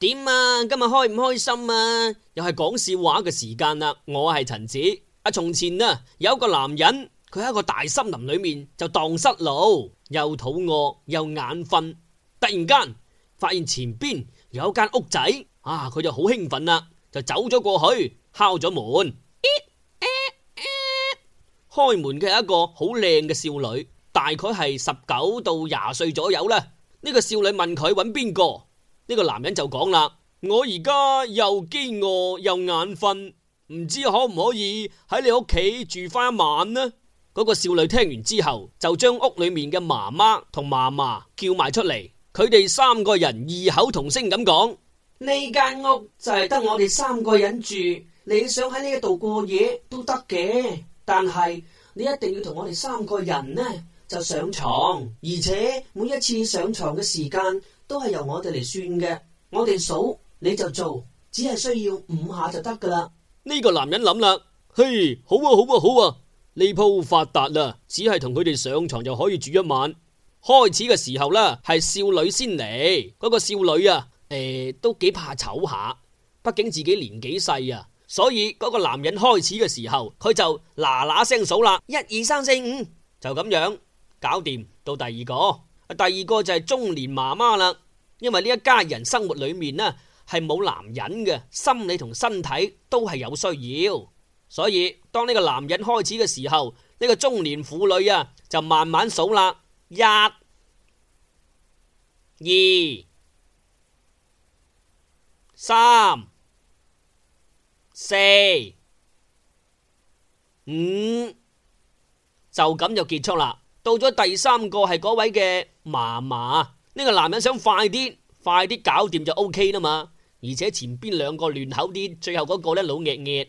點啊？今日開唔開心啊？又係講笑話嘅時間啦！我係陳子。啊，從前啊，有一個男人，佢喺一個大森林裏面就蕩失路，又肚餓又眼瞓，突然間發現前邊有一間屋仔啊，佢就好興奮啦，就走咗過去敲咗門。呃呃呃、開門嘅係一個好靚嘅少女，大概係十九到廿歲左右啦。呢、這個少女問佢揾邊個？呢個男人就講啦：我而家又飢餓又眼瞓，唔知可唔可以喺你屋企住翻一晚呢？嗰個少女聽完之後，就將屋裏面嘅媽媽同嫲嫲叫埋出嚟，佢哋三個人異口同聲咁講：呢間屋就係得我哋三個人住，你想喺呢度過夜都得嘅，但係你一定要同我哋三個人呢就上床，而且每一次上床嘅時間。都係由我哋嚟算嘅，我哋數你就做，只係需要五下就得噶啦。呢個男人諗啦，嘿，好啊好啊好啊，呢鋪發達啊，發達只係同佢哋上床就可以住一晚。開始嘅時候啦，係少女先嚟，嗰、那個少女啊，誒、欸、都幾怕醜下，畢竟自己年紀細啊，所以嗰個男人開始嘅時候，佢就嗱嗱聲數啦，一二三四五，就咁樣搞掂，到第二個。第二個就係中年媽媽啦，因為呢一家人生活裏面呢係冇男人嘅，心理同身體都係有需要，所以當呢個男人開始嘅時候，呢個中年婦女啊就慢慢數啦，一、二、三、四、五，就咁就結束啦。到咗第三個係嗰位嘅嫲嫲，呢個男人想快啲，快啲搞掂就 O K 啦嘛。而且前邊兩個亂口啲，最後嗰個咧老曳曳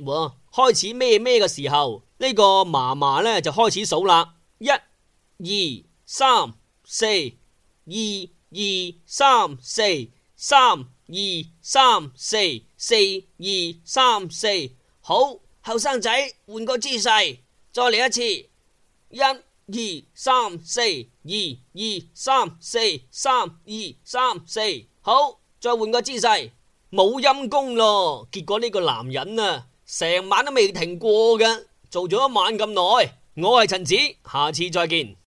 開始咩咩嘅時候、這個、媽媽呢個嫲嫲呢就開始數啦，一二三四，二二三四，三二三四，四二三四。好，後生仔，換個姿勢，再嚟一次一。1, 二三四二二三四三二三四，好，再換個姿勢，冇陰功咯。結果呢個男人啊，成晚都未停過㗎，做咗一晚咁耐。我係陳子，下次再見。